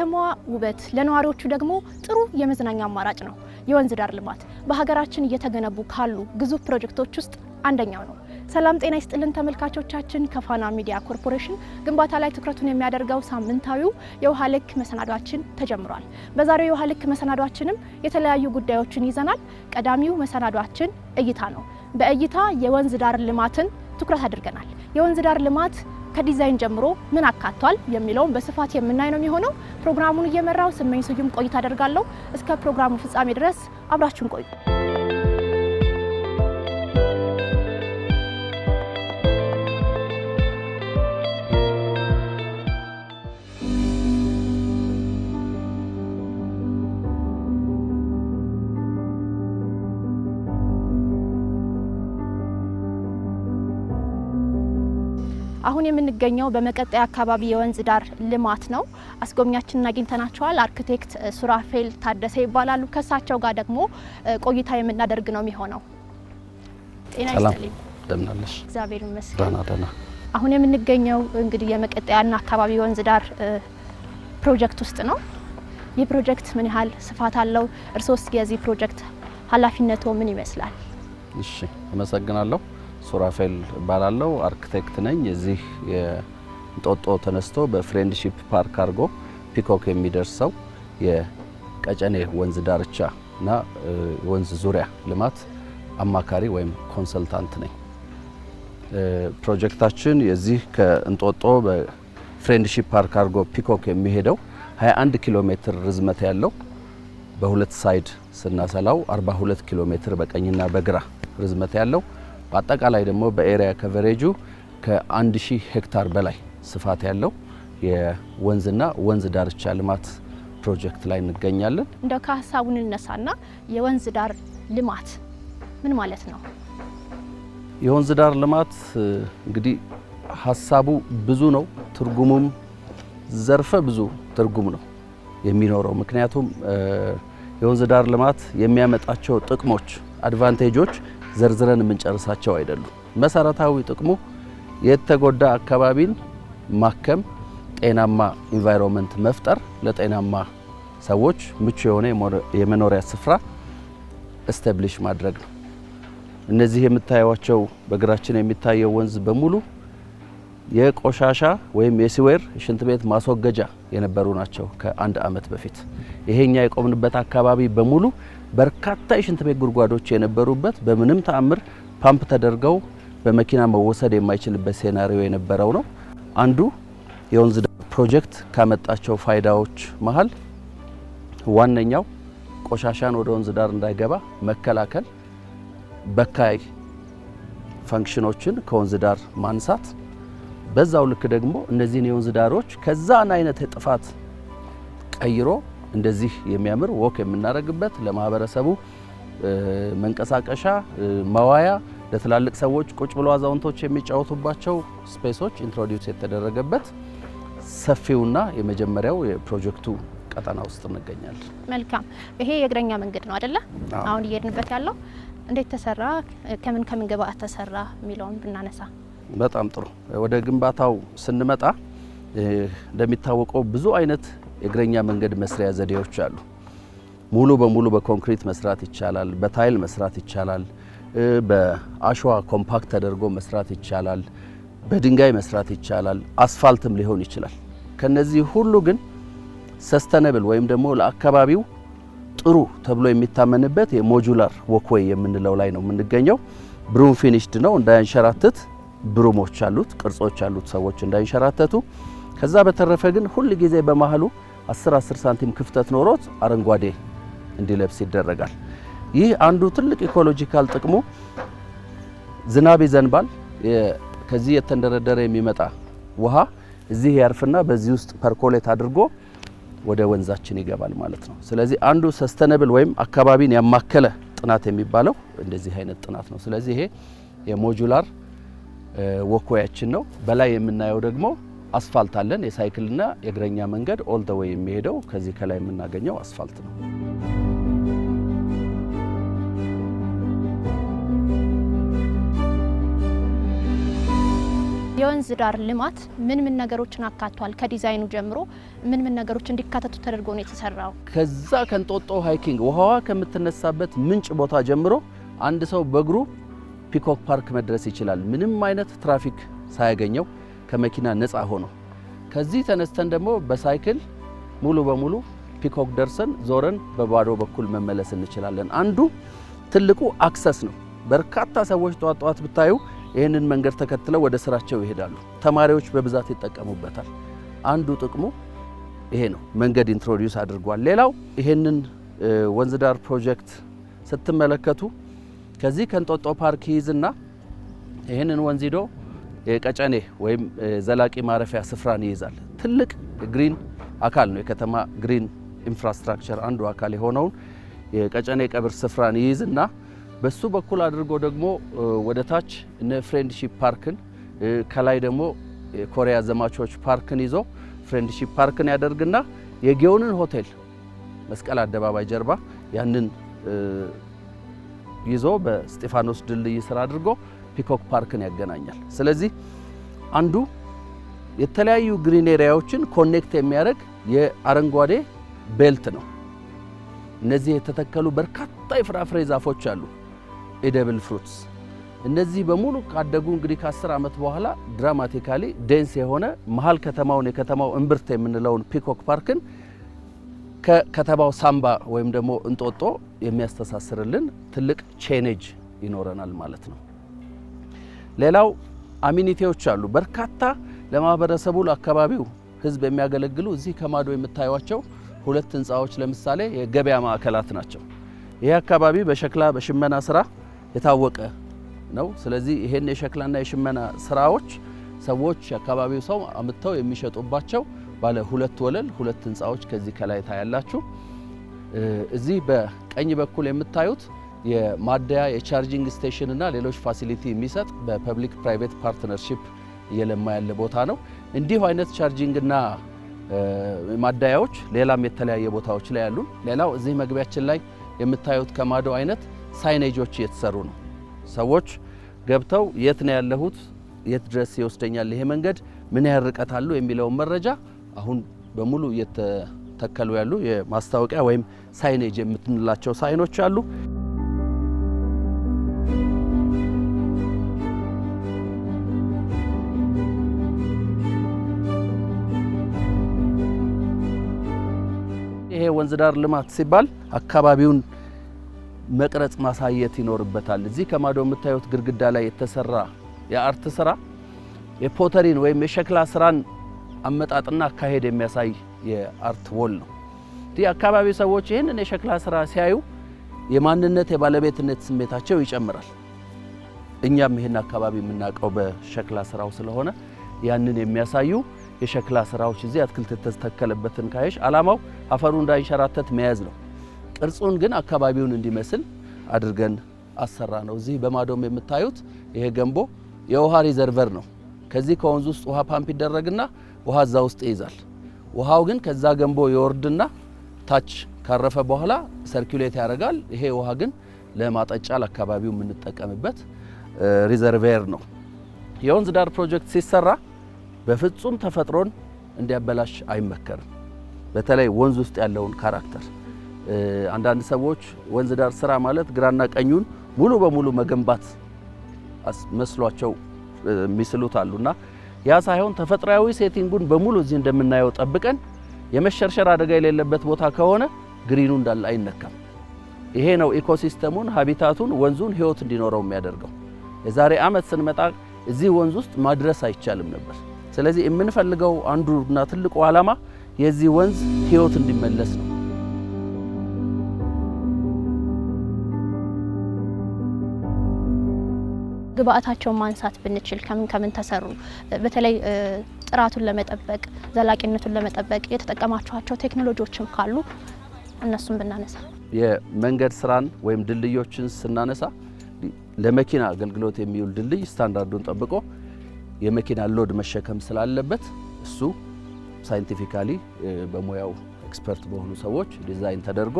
ለከተማዋ ውበት፣ ለነዋሪዎቹ ደግሞ ጥሩ የመዝናኛ አማራጭ ነው። የወንዝ ዳር ልማት በሀገራችን እየተገነቡ ካሉ ግዙፍ ፕሮጀክቶች ውስጥ አንደኛው ነው። ሰላም ጤና ይስጥልን ተመልካቾቻችን፣ ከፋና ሚዲያ ኮርፖሬሽን ግንባታ ላይ ትኩረቱን የሚያደርገው ሳምንታዊው የውሃ ልክ መሰናዷችን ተጀምሯል። በዛሬው የውሃ ልክ መሰናዷችንም የተለያዩ ጉዳዮችን ይዘናል። ቀዳሚው መሰናዷችን እይታ ነው። በእይታ የወንዝ ዳር ልማትን ትኩረት አድርገናል። የወንዝ ዳር ልማት ከዲዛይን ጀምሮ ምን አካቷል የሚለውን በስፋት የምናይ ነው የሚሆነው። ፕሮግራሙን እየመራው ስመኝ ስዩም ቆይታ አደርጋለሁ። እስከ ፕሮግራሙ ፍጻሜ ድረስ አብራችሁን ቆዩ። አሁን የምንገኘው በመቀጠያ አካባቢ የወንዝ ዳር ልማት ነው። አስጎብኛችንን አግኝተናቸዋል። አርክቴክት ሱራፌል ታደሰ ይባላሉ። ከእሳቸው ጋር ደግሞ ቆይታ የምናደርግ ነው የሚሆነው። ጤና ይስጥልኝ። እግዚአብሔር ይመስገን። አሁን የምንገኘው እንግዲህ የመቀጠያና አካባቢ የወንዝ ዳር ፕሮጀክት ውስጥ ነው። ይህ ፕሮጀክት ምን ያህል ስፋት አለው? እርሶስ የዚህ ፕሮጀክት ኃላፊነቱ ምን ይመስላል? እሺ፣ አመሰግናለሁ። ሱራፌል እባላለሁ። አርክቴክት ነኝ። እዚህ የእንጦጦ ተነስቶ በፍሬንድሺፕ ፓርክ አድርጎ ፒኮክ የሚደርሰው የቀጨኔ ወንዝ ዳርቻ እና ወንዝ ዙሪያ ልማት አማካሪ ወይም ኮንሰልታንት ነኝ። ፕሮጀክታችን የዚህ ከእንጦጦ በፍሬንድሺፕ ፓርክ አድርጎ ፒኮክ የሚሄደው 21 ኪሎ ሜትር ርዝመት ያለው በሁለት ሳይድ ስናሰላው 42 ኪሎ ሜትር በቀኝና በግራ ርዝመት ያለው በአጠቃላይ ደግሞ በኤሪያ ከቨሬጁ ከ ሺህ ሄክታር በላይ ስፋት ያለው የወንዝና ወንዝ ዳርቻ ልማት ፕሮጀክት ላይ እንገኛለን። እንደ ከሀሳቡን እነሳና የወንዝ ዳር ልማት ምን ማለት ነው? የወንዝ ዳር ልማት እንግዲህ ሀሳቡ ብዙ ነው፣ ትርጉሙም ዘርፈ ብዙ ትርጉም ነው የሚኖረው። ምክንያቱም የወንዝ ዳር ልማት የሚያመጣቸው ጥቅሞች አድቫንቴጆች ዘርዝረን የምንጨርሳቸው አይደሉም። መሰረታዊ ጥቅሙ የተጎዳ አካባቢን ማከም፣ ጤናማ ኢንቫይሮንመንት መፍጠር፣ ለጤናማ ሰዎች ምቹ የሆነ የመኖሪያ ስፍራ እስተብሊሽ ማድረግ ነው። እነዚህ የምታዩቸው በእግራችን የሚታየው ወንዝ በሙሉ የቆሻሻ ወይም የሲዌር ሽንት ቤት ማስወገጃ የነበሩ ናቸው ከአንድ ዓመት በፊት። ይሄኛ የቆምንበት አካባቢ በሙሉ በርካታ የሽንት ቤት ጉድጓዶች የነበሩበት በምንም ተአምር ፓምፕ ተደርገው በመኪና መወሰድ የማይችልበት ሴናሪዮ የነበረው ነው። አንዱ የወንዝ ፕሮጀክት ካመጣቸው ፋይዳዎች መሀል ዋነኛው ቆሻሻን ወደ ወንዝ ዳር እንዳይገባ መከላከል፣ በካይ ፈንክሽኖችን ከወንዝ ዳር ማንሳት፣ በዛው ልክ ደግሞ እነዚህን የወንዝ ዳሮች ከዛን አይነት ጥፋት ቀይሮ እንደዚህ የሚያምር ወክ የምናደርግበት ለማህበረሰቡ መንቀሳቀሻ መዋያ ለትላልቅ ሰዎች ቁጭ ብሎ አዛውንቶች የሚጫወቱባቸው ስፔሶች ኢንትሮዲውስ የተደረገበት ሰፊውና የመጀመሪያው የፕሮጀክቱ ቀጠና ውስጥ እንገኛለን። መልካም። ይሄ የእግረኛ መንገድ ነው አይደለ? አሁን እየሄድንበት ያለው እንዴት ተሰራ፣ ከምን ከምን ግብአት ተሰራ የሚለውን ብናነሳ በጣም ጥሩ። ወደ ግንባታው ስንመጣ እንደሚታወቀው ብዙ አይነት የእግረኛ መንገድ መስሪያ ዘዴዎች አሉ። ሙሉ በሙሉ በኮንክሪት መስራት ይቻላል፣ በታይል መስራት ይቻላል፣ በአሸዋ ኮምፓክት ተደርጎ መስራት ይቻላል፣ በድንጋይ መስራት ይቻላል፣ አስፋልትም ሊሆን ይችላል። ከነዚህ ሁሉ ግን ሰስተነብል ወይም ደግሞ ለአካባቢው ጥሩ ተብሎ የሚታመንበት የሞጁላር ወክወይ የምንለው ላይ ነው የምንገኘው። ብሩም ፊኒሽድ ነው እንዳያንሸራትት ብሩሞች አሉት፣ ቅርጾች አሉት፣ ሰዎች እንዳይንሸራተቱ። ከዛ በተረፈ ግን ሁል ጊዜ በመሀሉ 10 10 ሳንቲም ክፍተት ኖሮት አረንጓዴ እንዲለብስ ይደረጋል። ይህ አንዱ ትልቅ ኢኮሎጂካል ጥቅሙ ዝናብ ይዘንባል። ከዚህ የተንደረደረ የሚመጣ ውሃ እዚህ ያርፍና በዚህ ውስጥ ፐርኮሌት አድርጎ ወደ ወንዛችን ይገባል ማለት ነው። ስለዚህ አንዱ ሰስተነብል ወይም አካባቢን ያማከለ ጥናት የሚባለው እንደዚህ አይነት ጥናት ነው። ስለዚህ ይሄ የሞጁላር ወኮያችን ነው። በላይ የምናየው ደግሞ አስፋልት አለን። የሳይክልና የእግረኛ መንገድ ኦል የሚሄደው ከዚህ ከላይ የምናገኘው አስፋልት ነው። የወንዝ ዳር ልማት ምን ምን ነገሮችን አካቷል? ከዲዛይኑ ጀምሮ ምን ምን ነገሮች እንዲካተቱ ተደርጎ ነው የተሰራው? ከዛ ከንጦጦ ሃይኪንግ ውሃዋ ከምትነሳበት ምንጭ ቦታ ጀምሮ አንድ ሰው በእግሩ ፒኮክ ፓርክ መድረስ ይችላል፣ ምንም አይነት ትራፊክ ሳያገኘው ከመኪና ነፃ ሆኖ ከዚህ ተነስተን ደግሞ በሳይክል ሙሉ በሙሉ ፒኮክ ደርሰን ዞረን በባዶ በኩል መመለስ እንችላለን። አንዱ ትልቁ አክሰስ ነው። በርካታ ሰዎች ጠዋት ጠዋት ብታዩ ይህንን መንገድ ተከትለው ወደ ስራቸው ይሄዳሉ። ተማሪዎች በብዛት ይጠቀሙበታል። አንዱ ጥቅሙ ይሄ ነው። መንገድ ኢንትሮዲውስ አድርጓል። ሌላው ይህንን ወንዝ ዳር ፕሮጀክት ስትመለከቱ ከዚህ ከእንጦጦ ፓርክ ይይዝና ይህንን ወንዝ ሂዶ የቀጨኔ ወይም ዘላቂ ማረፊያ ስፍራን ይይዛል። ትልቅ ግሪን አካል ነው። የከተማ ግሪን ኢንፍራስትራክቸር አንዱ አካል የሆነውን የቀጨኔ ቀብር ስፍራን ይይዝና በሱ በኩል አድርጎ ደግሞ ወደ ታች እነ ፍሬንድሺፕ ፓርክን ከላይ ደግሞ የኮሪያ ዘማቾች ፓርክን ይዞ ፍሬንድሺፕ ፓርክን ያደርግና የጊዮንን ሆቴል መስቀል አደባባይ ጀርባ ያንን ይዞ በስጢፋኖስ ድልድይ ስራ አድርጎ ፒኮክ ፓርክን ያገናኛል። ስለዚህ አንዱ የተለያዩ ግሪን ኤሪያዎችን ኮኔክት የሚያደርግ የአረንጓዴ ቤልት ነው። እነዚህ የተተከሉ በርካታ የፍራፍሬ ዛፎች አሉ፣ ኢደብል ፍሩትስ። እነዚህ በሙሉ ካደጉ እንግዲህ ከ ዓመት በኋላ ድራማቲካሊ ዴንስ የሆነ መሀል ከተማውን የከተማው እምብርት የምንለውን ፒኮክ ፓርክን ከከተማው ሳምባ ወይም ደግሞ እንጦጦ የሚያስተሳስርልን ትልቅ ቼኔጅ ይኖረናል ማለት ነው። ሌላው አሚኒቲዎች አሉ በርካታ ለማህበረሰቡ ለአካባቢው ህዝብ የሚያገለግሉ እዚህ ከማዶ የምታዩቸው ሁለት ህንፃዎች ለምሳሌ የገበያ ማዕከላት ናቸው። ይህ አካባቢ በሸክላ በሽመና ስራ የታወቀ ነው። ስለዚህ ይሄን የሸክላና የሽመና ስራዎች ሰዎች የአካባቢው ሰው አምጥተው የሚሸጡባቸው ባለ ሁለት ወለል ሁለት ህንፃዎች ከዚህ ከላይ ታያላችሁ። እዚህ በቀኝ በኩል የምታዩት የማደያ የቻርጂንግ ስቴሽን እና ሌሎች ፋሲሊቲ የሚሰጥ በፐብሊክ ፕራይቬት ፓርትነርሺፕ እየለማ ያለ ቦታ ነው። እንዲሁ አይነት ቻርጂንግና ማደያዎች ሌላም የተለያየ ቦታዎች ላይ ያሉ። ሌላው እዚህ መግቢያችን ላይ የምታዩት ከማዶ አይነት ሳይኔጆች እየተሰሩ ነው። ሰዎች ገብተው የት ነው ያለሁት፣ የት ድረስ ይወስደኛል ይሄ መንገድ፣ ምን ያህል ርቀት አሉ የሚለውን መረጃ አሁን በሙሉ እየተተከሉ ያሉ የማስታወቂያ ወይም ሳይኔጅ የምትንላቸው ሳይኖች አሉ። ወንዝ ዳር ልማት ሲባል አካባቢውን መቅረጽ ማሳየት ይኖርበታል። እዚህ ከማዶ የምታዩት ግድግዳ ላይ የተሰራ የአርት ስራ የፖተሪን ወይም የሸክላ ስራን አመጣጥና አካሄድ የሚያሳይ የአርት ወል ነው። ይህ አካባቢ ሰዎች ይህንን የሸክላ ስራ ሲያዩ የማንነት የባለቤትነት ስሜታቸው ይጨምራል። እኛም ይህን አካባቢ የምናውቀው በሸክላ ስራው ስለሆነ ያንን የሚያሳዩ የሸክላ ስራዎች እዚህ አትክልት የተተከለበትን ካየሽ አላማው አፈሩ እንዳይንሸራተት መያዝ ነው። ቅርጹን ግን አካባቢውን እንዲመስል አድርገን አሰራ ነው። እዚህ በማዶም የምታዩት ይሄ ገንቦ የውሃ ሪዘርቨር ነው። ከዚህ ከወንዙ ውስጥ ውሃ ፓምፕ ይደረግና ውሃ እዛ ውስጥ ይይዛል። ውሃው ግን ከዛ ገንቦ ይወርድና ታች ካረፈ በኋላ ሰርኪሌት ያደርጋል። ይሄ ውሃ ግን ለማጠጫ ለአካባቢው የምንጠቀምበት ሪዘርቬር ነው። የወንዝ ዳር ፕሮጀክት ሲሰራ በፍጹም ተፈጥሮን እንዲያበላሽ አይመከርም። በተለይ ወንዝ ውስጥ ያለውን ካራክተር አንዳንድ ሰዎች ወንዝ ዳር ስራ ማለት ግራና ቀኙን ሙሉ በሙሉ መገንባት መስሏቸው የሚስሉት አሉና ያ ሳይሆን ተፈጥሯዊ ሴቲንጉን በሙሉ እዚህ እንደምናየው ጠብቀን የመሸርሸር አደጋ የሌለበት ቦታ ከሆነ ግሪኑ እንዳለ አይነካም። ይሄ ነው ኢኮሲስተሙን፣ ሀቢታቱን፣ ወንዙን ህይወት እንዲኖረው የሚያደርገው። የዛሬ ዓመት ስንመጣ እዚህ ወንዝ ውስጥ ማድረስ አይቻልም ነበር። ስለዚህ የምንፈልገው አንዱ እና ትልቁ ዓላማ የዚህ ወንዝ ህይወት እንዲመለስ ነው። ግብአታቸውን ማንሳት ብንችል ከምን ከምን ተሰሩ፣ በተለይ ጥራቱን ለመጠበቅ ዘላቂነቱን ለመጠበቅ የተጠቀማችኋቸው ቴክኖሎጂዎችም ካሉ እነሱን ብናነሳ የመንገድ ስራን ወይም ድልድዮችን ስናነሳ ለመኪና አገልግሎት የሚውል ድልድይ ስታንዳርዱን ጠብቆ የመኪና ሎድ መሸከም ስላለበት እሱ ሳይንቲፊካሊ በሙያው ኤክስፐርት በሆኑ ሰዎች ዲዛይን ተደርጎ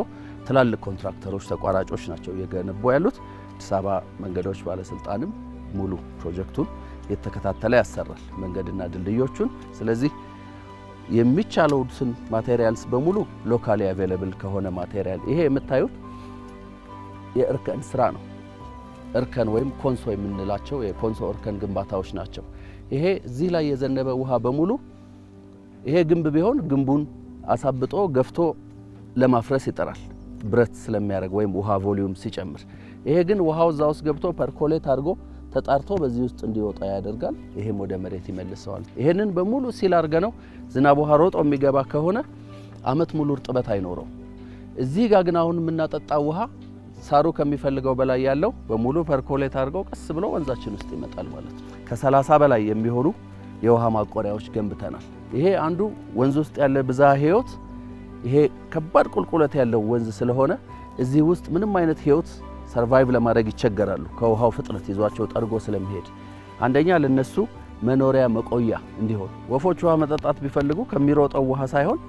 ትላልቅ ኮንትራክተሮች ተቋራጮች ናቸው እየገነቡ ያሉት። አዲስ አበባ መንገዶች ባለስልጣንም ሙሉ ፕሮጀክቱን የተከታተለ ያሰራል መንገድና ድልድዮቹን። ስለዚህ የሚቻለውትን ማቴሪያልስ በሙሉ ሎካሊ አቬለብል ከሆነ ማቴሪያል ይሄ የምታዩት የእርከን ስራ ነው። እርከን ወይም ኮንሶ የምንላቸው የኮንሶ እርከን ግንባታዎች ናቸው። ይሄ እዚህ ላይ የዘነበ ውሃ በሙሉ ይሄ ግንብ ቢሆን ግንቡን አሳብጦ ገፍቶ ለማፍረስ ይጠራል፣ ብረት ስለሚያደርግ ወይም ውሃ ቮሊዩም ሲጨምር። ይሄ ግን ውሃው እዛ ውስጥ ገብቶ ፐርኮሌት አድርጎ ተጣርቶ በዚህ ውስጥ እንዲወጣ ያደርጋል። ይሄም ወደ መሬት ይመልሰዋል። ይሄንን በሙሉ ሲል አድርገ ነው ዝናብ ውሃ ሮጦ የሚገባ ከሆነ አመት ሙሉ እርጥበት አይኖረው። እዚህ ጋ ግን አሁን የምናጠጣው ውሃ ሳሩ ከሚፈልገው በላይ ያለው በሙሉ ፐርኮሌት አድርገው ቀስ ብሎ ወንዛችን ውስጥ ይመጣል ማለት ነው። ከ30 በላይ የሚሆኑ የውሃ ማቆሪያዎች ገንብተናል። ይሄ አንዱ ወንዝ ውስጥ ያለ ብዝሃ ህይወት ይሄ ከባድ ቁልቁለት ያለው ወንዝ ስለሆነ እዚህ ውስጥ ምንም አይነት ህይወት ሰርቫይቭ ለማድረግ ይቸገራሉ። ከውሃው ፍጥነት ይዟቸው ጠርጎ ስለሚሄድ አንደኛ ለነሱ መኖሪያ መቆያ እንዲሆን ወፎች ውሃ መጠጣት ቢፈልጉ ከሚሮጠው ውሃ ሳይሆን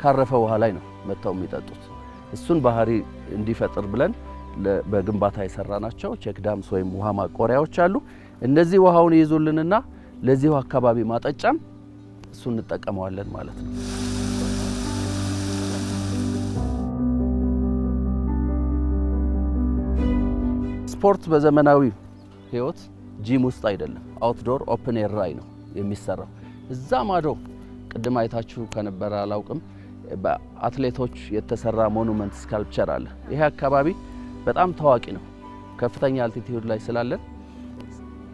ካረፈ ውሃ ላይ ነው መጥተው የሚጠጡት። እሱን ባህሪ እንዲፈጥር ብለን በግንባታ ናቸው። ቼክ ዳምስ ወይም ውሃ ማቆሪያዎች አሉ። እነዚህ ውሃውን ይይዙልንና ለዚሁ አካባቢ ማጠጫም እሱ እንጠቀመዋለን ማለት ነው። ስፖርት በዘመናዊ ህይወት ጂም ውስጥ አይደለም፣ አውትዶር ኦፕን ኤር ላይ ነው የሚሰራው። እዛ ማዶ ቅድም አይታችሁ ከነበረ አላውቅም፣ በአትሌቶች የተሰራ ሞኑመንት ስካልፕቸር አለ። ይሄ አካባቢ በጣም ታዋቂ ነው፣ ከፍተኛ አልቲቲዩድ ላይ ስላለን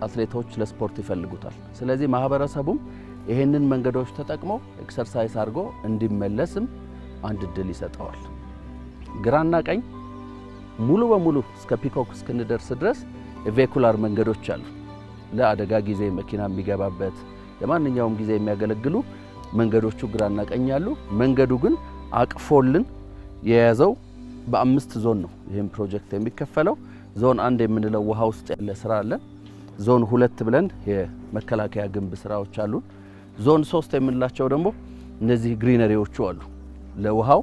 አትሌቶች ለስፖርት ይፈልጉታል። ስለዚህ ማህበረሰቡም ይህንን መንገዶች ተጠቅሞ ኤክሰርሳይዝ አድርጎ እንዲመለስም አንድ እድል ይሰጠዋል። ግራና ቀኝ ሙሉ በሙሉ እስከ ፒኮክ እስክንደርስ ድረስ ቬኩላር መንገዶች አሉ። ለአደጋ ጊዜ መኪና የሚገባበት ለማንኛውም ጊዜ የሚያገለግሉ መንገዶቹ ግራና ቀኝ አሉ። መንገዱ ግን አቅፎልን የያዘው በአምስት ዞን ነው። ይህም ፕሮጀክት የሚከፈለው ዞን አንድ የምንለው ውሃ ውስጥ ያለ ስራ አለን። ዞን ሁለት ብለን የመከላከያ ግንብ ስራዎች አሉ። ዞን ሶስት የምንላቸው ደግሞ እነዚህ ግሪነሪዎቹ አሉ። ለውሃው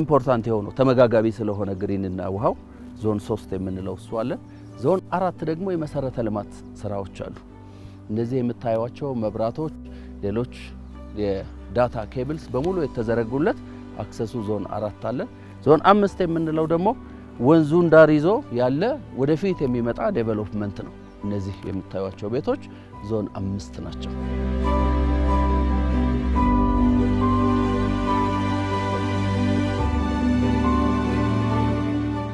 ኢምፖርታንት የሆነው ተመጋጋቢ ስለሆነ ግሪንና ውሃው ዞን ሶስት የምንለው እሱ አለን። ዞን አራት ደግሞ የመሰረተ ልማት ስራዎች አሉ። እነዚህ የምታዩቸው መብራቶች፣ ሌሎች የዳታ ኬብልስ በሙሉ የተዘረጉለት አክሰሱ ዞን አራት አለን። ዞን አምስት የምንለው ደግሞ ወንዙን ዳር ይዞ ያለ ወደፊት የሚመጣ ዴቨሎፕመንት ነው። እነዚህ የምታዩቸው ቤቶች ዞን አምስት ናቸው።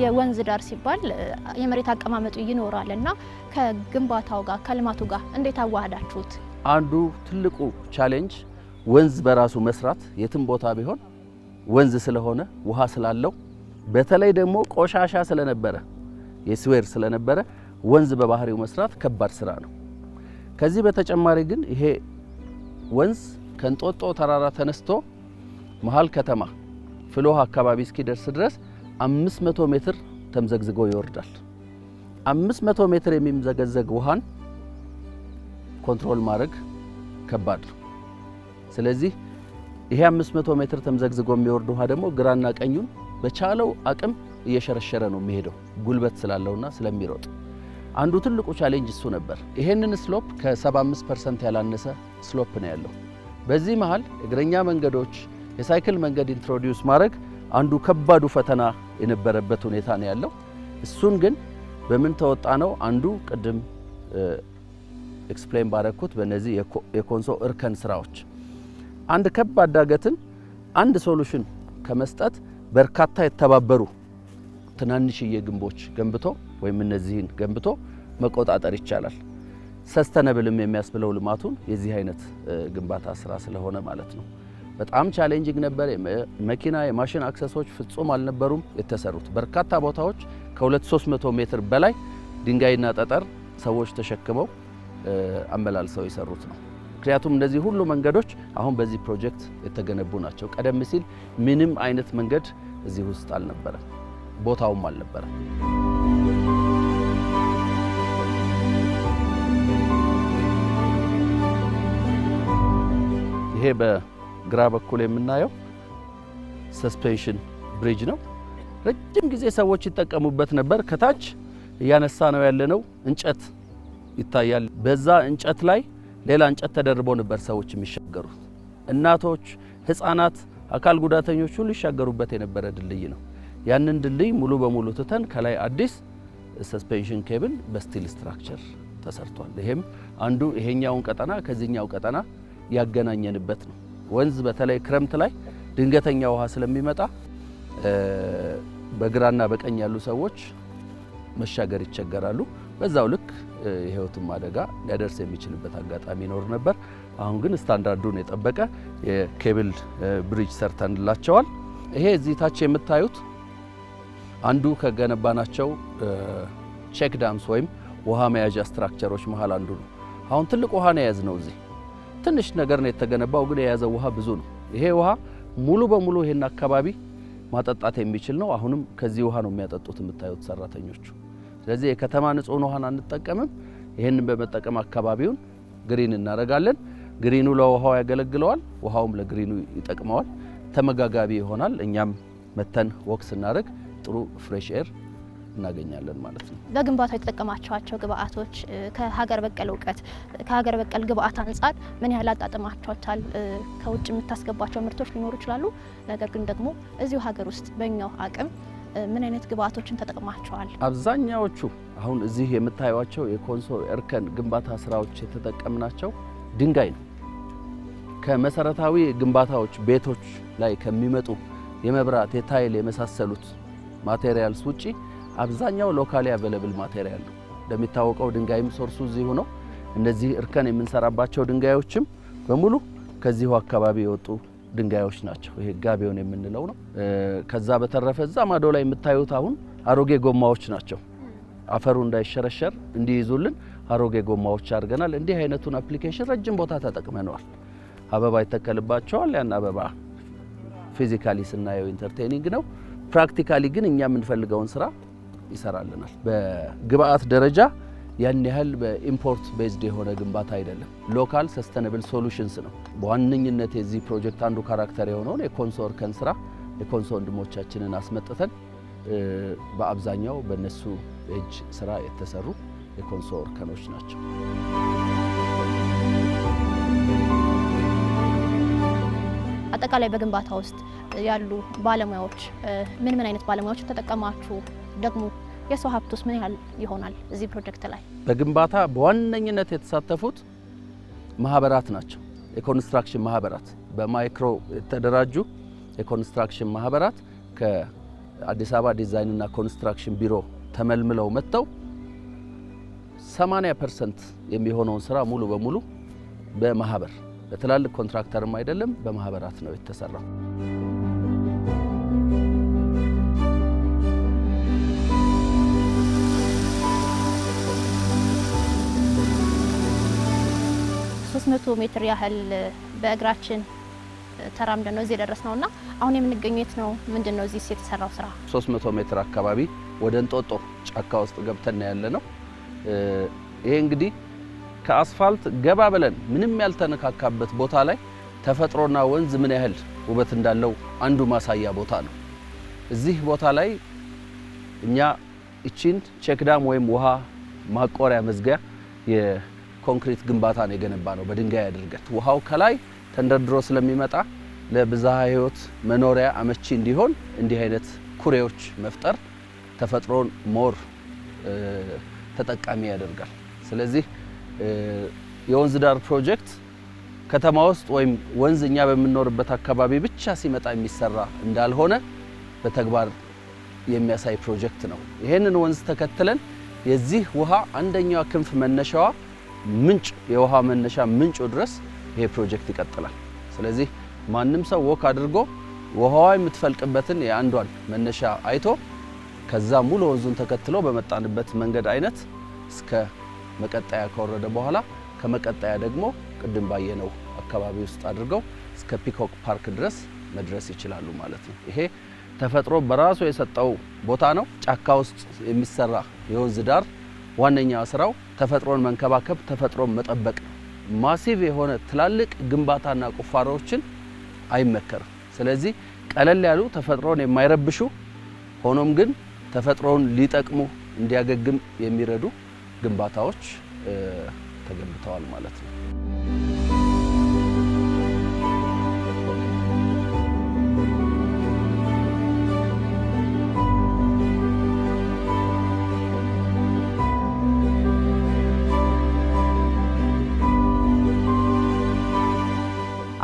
የወንዝ ዳር ሲባል የመሬት አቀማመጡ ይኖራል እና ከግንባታው ጋር ከልማቱ ጋር እንዴት አዋህዳችሁት? አንዱ ትልቁ ቻሌንጅ ወንዝ በራሱ መስራት የትም ቦታ ቢሆን ወንዝ ስለሆነ ውሃ ስላለው በተለይ ደግሞ ቆሻሻ ስለነበረ የስዌር ስለነበረ ወንዝ በባህሪው መስራት ከባድ ስራ ነው። ከዚህ በተጨማሪ ግን ይሄ ወንዝ ከእንጦጦ ተራራ ተነስቶ መሀል ከተማ ፍሎህ አካባቢ እስኪደርስ ድረስ 500 ሜትር ተምዘግዝጎ ይወርዳል። 500 ሜትር የሚምዘገዘግ ውሃን ኮንትሮል ማድረግ ከባድ ነው። ስለዚህ ይሄ 500 ሜትር ተምዘግዝጎ የሚወርድ ውሃ ደግሞ ግራና ቀኙን በቻለው አቅም እየሸረሸረ ነው የሚሄደው ጉልበት ስላለውና ስለሚሮጥ አንዱ ትልቁ ቻሌንጅ እሱ ነበር። ይሄንን ስሎፕ ከ75 ፐርሰንት ያላነሰ ስሎፕ ነው ያለው። በዚህ መሃል እግረኛ መንገዶች፣ የሳይክል መንገድ ኢንትሮዲውስ ማድረግ አንዱ ከባዱ ፈተና የነበረበት ሁኔታ ነው ያለው። እሱን ግን በምን ተወጣ ነው አንዱ ቅድም ኤክስፕሌን ባረኩት በእነዚህ የኮንሶ እርከን ስራዎች አንድ ከባድ ዳገትን አንድ ሶሉሽን ከመስጠት በርካታ የተባበሩ ትናንሽዬ ግንቦች ገንብቶ ወይም እነዚህን ገንብቶ መቆጣጠር ይቻላል። ሰስተነብልም የሚያስብለው ልማቱን የዚህ አይነት ግንባታ ስራ ስለሆነ ማለት ነው። በጣም ቻሌንጂንግ ነበር። መኪና የማሽን አክሰሶች ፍጹም አልነበሩም የተሰሩት። በርካታ ቦታዎች ከ2300 ሜትር በላይ ድንጋይና ጠጠር ሰዎች ተሸክመው አመላልሰው የሰሩት ነው። ምክንያቱም እነዚህ ሁሉ መንገዶች አሁን በዚህ ፕሮጀክት የተገነቡ ናቸው። ቀደም ሲል ምንም አይነት መንገድ እዚህ ውስጥ አልነበረም፣ ቦታውም አልነበረም። ይሄ በግራ በኩል የምናየው ሰስፔንሽን ብሪጅ ነው። ረጅም ጊዜ ሰዎች ይጠቀሙበት ነበር። ከታች እያነሳ ነው ያለነው እንጨት ይታያል። በዛ እንጨት ላይ ሌላ እንጨት ተደርቦ ነበር ሰዎች የሚሻገሩት። እናቶች፣ ህፃናት፣ አካል ጉዳተኞች ሁሉ ይሻገሩበት የነበረ ድልድይ ነው። ያንን ድልድይ ሙሉ በሙሉ ትተን ከላይ አዲስ ሰስፔንሽን ኬብል በስቲል ስትራክቸር ተሰርቷል። ይሄም አንዱ ይሄኛውን ቀጠና ከዚህኛው ቀጠና ያገናኘንበት ነው። ወንዝ በተለይ ክረምት ላይ ድንገተኛ ውሃ ስለሚመጣ በግራና በቀኝ ያሉ ሰዎች መሻገር ይቸገራሉ። በዛው ልክ የሕይወትም አደጋ ሊያደርስ የሚችልበት አጋጣሚ ይኖር ነበር። አሁን ግን ስታንዳርዱን የጠበቀ የኬብል ብሪጅ ሰርተንላቸዋል። ይሄ እዚህ ታች የምታዩት አንዱ ከገነባናቸው ቼክ ዳምስ ወይም ውሃ መያዣ ስትራክቸሮች መሀል አንዱ ነው። አሁን ትልቅ ውሃ ነው የያዝነው እዚህ ትንሽ ነገር ነው የተገነባው፣ ግን የያዘ ውሃ ብዙ ነው። ይሄ ውሃ ሙሉ በሙሉ ይሄን አካባቢ ማጠጣት የሚችል ነው። አሁንም ከዚህ ውሃ ነው የሚያጠጡት የምታዩት ሰራተኞቹ። ስለዚህ የከተማ ንጹህን ውሃን አንጠቀምም። ይህንን በመጠቀም አካባቢውን ግሪን እናደርጋለን። ግሪኑ ለውሃው ያገለግለዋል፣ ውሃውም ለግሪኑ ይጠቅመዋል። ተመጋጋቢ ይሆናል። እኛም መተን ወክ ስናደርግ ጥሩ ፍሬሽ ኤር እናገኛለን ማለት ነው። በግንባታ የተጠቀማቸዋቸው ግብአቶች ከሀገር በቀል እውቀት ከሀገር በቀል ግብአት አንጻር ምን ያህል አጣጥማቸዋታል? ከውጭ የምታስገባቸው ምርቶች ሊኖሩ ይችላሉ። ነገር ግን ደግሞ እዚሁ ሀገር ውስጥ በኛው አቅም ምን አይነት ግብአቶችን ተጠቅማቸዋል? አብዛኛዎቹ አሁን እዚህ የምታዩቸው የኮንሶ እርከን ግንባታ ስራዎች የተጠቀምናቸው ድንጋይ ነው። ከመሰረታዊ ግንባታዎች ቤቶች ላይ ከሚመጡ የመብራት የታይል የመሳሰሉት ማቴሪያልስ ውጪ አብዛኛው ሎካሊ አቬለብል ማቴሪያል ነው። እንደሚታወቀው ድንጋይም ሶርሱ እዚሁ ነው። እነዚህ እርከን የምንሰራባቸው ድንጋዮችም በሙሉ ከዚሁ አካባቢ የወጡ ድንጋዮች ናቸው። ይሄ ጋቢዮን የምንለው ነው። ከዛ በተረፈ እዛ ማዶ ላይ የምታዩት አሁን አሮጌ ጎማዎች ናቸው። አፈሩ እንዳይሸረሸር እንዲይዙልን አሮጌ ጎማዎች አድርገናል። እንዲህ አይነቱን አፕሊኬሽን ረጅም ቦታ ተጠቅመነዋል። አበባ ይተከልባቸዋል። ያን አበባ ፊዚካሊ ስናየው ኢንተርቴኒንግ ነው። ፕራክቲካሊ ግን እኛ የምንፈልገውን ስራ ይሰራልናል። በግብአት ደረጃ ያን ያህል በኢምፖርት ቤዝድ የሆነ ግንባታ አይደለም። ሎካል ሰስተነብል ሶሉሽንስ ነው በዋነኝነት የዚህ ፕሮጀክት አንዱ ካራክተር የሆነውን የኮንሶ እርከን ስራ የኮንሶ ወንድሞቻችንን አስመጥተን በአብዛኛው በእነሱ እጅ ስራ የተሰሩ የኮንሶ እርከኖች ናቸው። አጠቃላይ በግንባታ ውስጥ ያሉ ባለሙያዎች ምን ምን አይነት ባለሙያዎች ተጠቀማችሁ? ደግሞ የሰው ሀብቱስ ምን ያህል ይሆናል? እዚህ ፕሮጀክት ላይ በግንባታ በዋነኝነት የተሳተፉት ማህበራት ናቸው። የኮንስትራክሽን ማህበራት በማይክሮ የተደራጁ የኮንስትራክሽን ማህበራት ከአዲስ አበባ ዲዛይንና ኮንስትራክሽን ቢሮ ተመልምለው መጥተው 80 ፐርሰንት የሚሆነውን ስራ ሙሉ በሙሉ በማህበር በትላልቅ ኮንትራክተርም አይደለም በማህበራት ነው የተሰራው። 300 ሜትር ያህል በእግራችን ተራምደን ነው እዚህ የደረስነው እና አሁን የምንገኘው የት ነው? ምንድን ነው እዚህ የተሰራው ስራ? 300 ሜትር አካባቢ ወደ እንጦጦ ጫካ ውስጥ ገብተን ያለ ነው። ይሄ እንግዲህ ከአስፋልት ገባ ብለን ምንም ያልተነካካበት ቦታ ላይ ተፈጥሮና ወንዝ ምን ያህል ውበት እንዳለው አንዱ ማሳያ ቦታ ነው። እዚህ ቦታ ላይ እኛ እቺን ቼክዳም ወይም ውሃ ማቆሪያ መዝጊያ ኮንክሪት ግንባታ ነው የገነባ ነው በድንጋይ አድርገት። ውሃው ከላይ ተንደርድሮ ስለሚመጣ ለብዝሃ ህይወት መኖሪያ አመቺ እንዲሆን እንዲህ አይነት ኩሬዎች መፍጠር ተፈጥሮን ሞር ተጠቃሚ ያደርጋል። ስለዚህ የወንዝ ዳር ፕሮጀክት ከተማ ውስጥ ወይም ወንዝ እኛ በምንኖርበት አካባቢ ብቻ ሲመጣ የሚሰራ እንዳልሆነ በተግባር የሚያሳይ ፕሮጀክት ነው። ይህንን ወንዝ ተከትለን የዚህ ውሃ አንደኛዋ ክንፍ መነሻዋ ምንጭ የውሃ መነሻ ምንጩ ድረስ ይሄ ፕሮጀክት ይቀጥላል። ስለዚህ ማንም ሰው ወክ አድርጎ ውሃዋ የምትፈልቅበትን የአንዷን መነሻ አይቶ ከዛ ሙሉ ወንዙን ተከትሎ በመጣንበት መንገድ አይነት እስከ መቀጠያ ከወረደ በኋላ ከመቀጠያ ደግሞ ቅድም ባየነው አካባቢ ውስጥ አድርገው እስከ ፒኮክ ፓርክ ድረስ መድረስ ይችላሉ ማለት ነው። ይሄ ተፈጥሮ በራሱ የሰጠው ቦታ ነው። ጫካ ውስጥ የሚሰራ የወንዝ ዳር ዋነኛ ስራው ተፈጥሮን መንከባከብ፣ ተፈጥሮን መጠበቅ ማሲቭ የሆነ ትላልቅ ግንባታና ቁፋሮዎችን አይመከርም። ስለዚህ ቀለል ያሉ ተፈጥሮን የማይረብሹ ሆኖም ግን ተፈጥሮን ሊጠቅሙ እንዲያገግም የሚረዱ ግንባታዎች ተገንብተዋል ማለት ነው።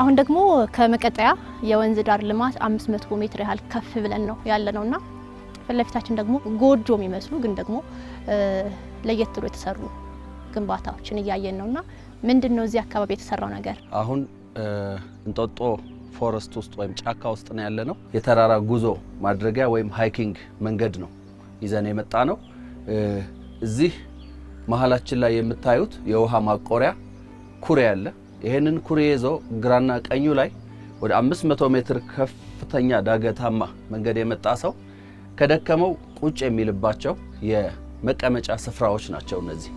አሁን ደግሞ ከመቀጠያ የወንዝ ዳር ልማት 500 ሜትር ያህል ከፍ ብለን ነው ነው እና ለፊታችን ደግሞ ጎጆ የሚመስሉ ግን ደግሞ ለየት ብሎ የተሰሩ ግንባታዎችን እያየን እና ምንድን ነው እዚህ አካባቢ የተሰራው ነገር? አሁን እንጦጦ ፎረስት ውስጥ ወይም ጫካ ውስጥ ነው ያለ ነው። የተራራ ጉዞ ማድረጊያ ወይም ሃይኪንግ መንገድ ነው ይዘን የመጣ ነው። እዚህ መሀላችን ላይ የምታዩት የውሃ ማቆሪያ ኩሬ አለ። ይህንን ኩሬ ይዞ ግራና ቀኙ ላይ ወደ 500 ሜትር ከፍተኛ ዳገታማ መንገድ የመጣ ሰው ከደከመው ቁጭ የሚልባቸው የመቀመጫ ስፍራዎች ናቸው። እነዚህ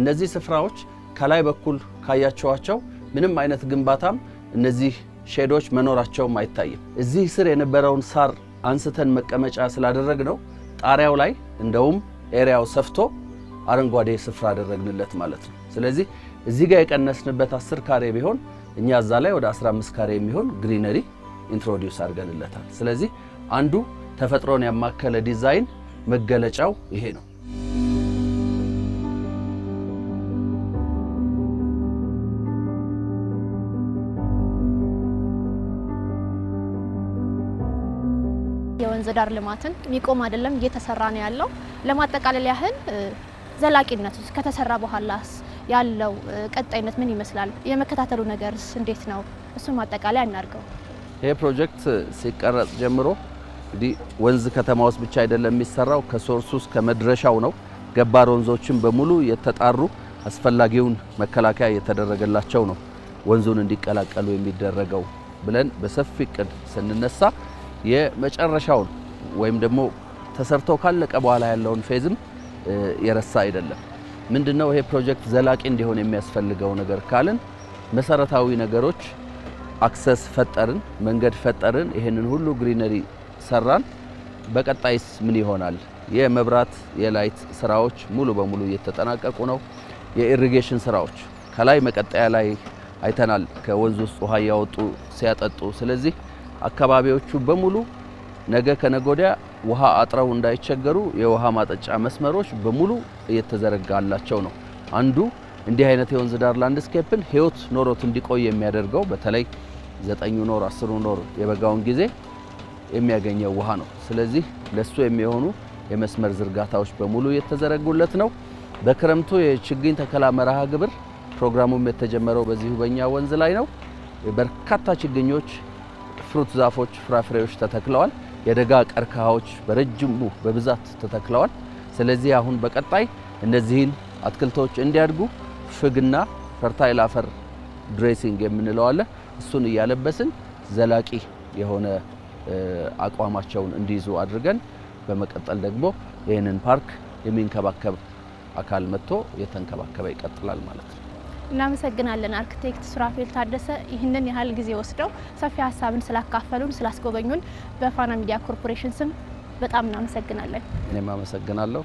እነዚህ ስፍራዎች ከላይ በኩል ካያቸዋቸው ምንም አይነት ግንባታም እነዚህ ሼዶች መኖራቸውም አይታይም። እዚህ ስር የነበረውን ሳር አንስተን መቀመጫ ስላደረግ ነው ጣሪያው ላይ እንደውም ኤሪያው ሰፍቶ አረንጓዴ ስፍራ አደረግንለት ማለት ነው። ስለዚህ እዚህ ጋር የቀነስንበት 10 ካሬ ቢሆን እኛ እዛ ላይ ወደ 15 ካሬ የሚሆን ግሪነሪ ኢንትሮዲውስ አድርገንለታል። ስለዚህ አንዱ ተፈጥሮን ያማከለ ዲዛይን መገለጫው ይሄ ነው። የወንዝ ዳር ልማትን የሚቆም አይደለም፣ እየተሰራ ነው ያለው። ለማጠቃለል ያህል ዘላቂነቱ ከተሰራ በኋላስ ያለው ቀጣይነት ምን ይመስላል? የመከታተሉ ነገርስ እንዴት ነው? እሱን ማጠቃለያ እናድርገው። ይሄ ፕሮጀክት ሲቀረጽ ጀምሮ እንግዲህ ወንዝ ከተማ ውስጥ ብቻ አይደለም የሚሰራው፣ ከሶርሱ ውስጥ ከመድረሻው ነው። ገባር ወንዞችን በሙሉ የተጣሩ አስፈላጊውን መከላከያ የተደረገላቸው ነው ወንዙን እንዲቀላቀሉ የሚደረገው ብለን በሰፊ እቅድ ስንነሳ የመጨረሻውን ወይም ደግሞ ተሰርቶ ካለቀ በኋላ ያለውን ፌዝም የረሳ አይደለም። ምንድነው ይሄ ፕሮጀክት ዘላቂ እንዲሆን የሚያስፈልገው ነገር ካልን መሰረታዊ ነገሮች አክሰስ ፈጠርን፣ መንገድ ፈጠርን፣ ይህንን ሁሉ ግሪነሪ ሰራን። በቀጣይስ ምን ይሆናል? የመብራት የላይት ስራዎች ሙሉ በሙሉ እየተጠናቀቁ ነው። የኢሪጌሽን ስራዎች ከላይ መቀጠያ ላይ አይተናል፣ ከወንዝ ውስጥ ውሃ እያወጡ ሲያጠጡ። ስለዚህ አካባቢዎቹ በሙሉ ነገ ከነጎዲያ ውሃ አጥረው እንዳይቸገሩ የውሃ ማጠጫ መስመሮች በሙሉ እየተዘረጋላቸው ነው። አንዱ እንዲህ አይነት የወንዝ ዳር ላንድስኬፕን ህይወት ኖሮት እንዲቆይ የሚያደርገው በተለይ ዘጠኙ ኖር አስሩ ኖር የበጋውን ጊዜ የሚያገኘው ውሃ ነው። ስለዚህ ለሱ የሚሆኑ የመስመር ዝርጋታዎች በሙሉ እየተዘረጉለት ነው። በክረምቱ የችግኝ ተከላ መርሃ ግብር ፕሮግራሙም የተጀመረው በዚሁ በእኛ ወንዝ ላይ ነው። በርካታ ችግኞች፣ ፍሩት ዛፎች፣ ፍራፍሬዎች ተተክለዋል። የደጋ ቀርከሃዎች በረጅሙ በብዛት ተተክለዋል። ስለዚህ አሁን በቀጣይ እነዚህን አትክልቶች እንዲያድጉ ፍግና ፈርታይል አፈር ድሬሲንግ የምንለው አለ። እሱን እያለበስን ዘላቂ የሆነ አቋማቸውን እንዲይዙ አድርገን በመቀጠል ደግሞ ይህንን ፓርክ የሚንከባከብ አካል መጥቶ እየተንከባከበ ይቀጥላል ማለት ነው። እናመሰግናለን አርክቴክት ሱራፌል ታደሰ ይህንን ያህል ጊዜ ወስደው ሰፊ ሀሳብን ስላካፈሉን ስላስጎበኙን በፋና ሚዲያ ኮርፖሬሽን ስም በጣም እናመሰግናለን። እኔም አመሰግናለሁ።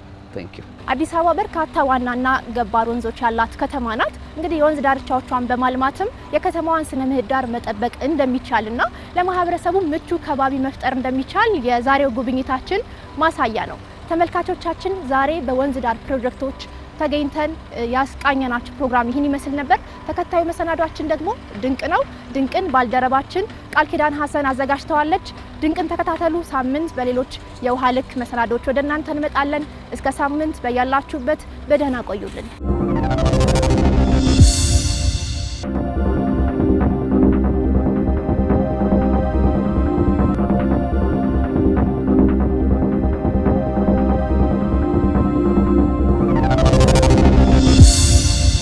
አዲስ አበባ በርካታ ዋናና ገባር ወንዞች ያላት ከተማ ናት። እንግዲህ የወንዝ ዳርቻዎቿን በማልማትም የከተማዋን ስነ ምህዳር መጠበቅ እንደሚቻልና ለማህበረሰቡ ምቹ ከባቢ መፍጠር እንደሚቻል የዛሬው ጉብኝታችን ማሳያ ነው። ተመልካቾቻችን ዛሬ በወንዝ ዳር ፕሮጀክቶች ተገኝተን ያስቃኘናችሁ ፕሮግራም ይህን ይመስል ነበር። ተከታዩ መሰናዷችን ደግሞ ድንቅ ነው። ድንቅን ባልደረባችን ቃል ኪዳን ሀሰን አዘጋጅተዋለች። ድንቅን ተከታተሉ። ሳምንት በሌሎች የውሃ ልክ መሰናዶች ወደ እናንተ እንመጣለን። እስከ ሳምንት በያላችሁበት በደህና ቆዩልን።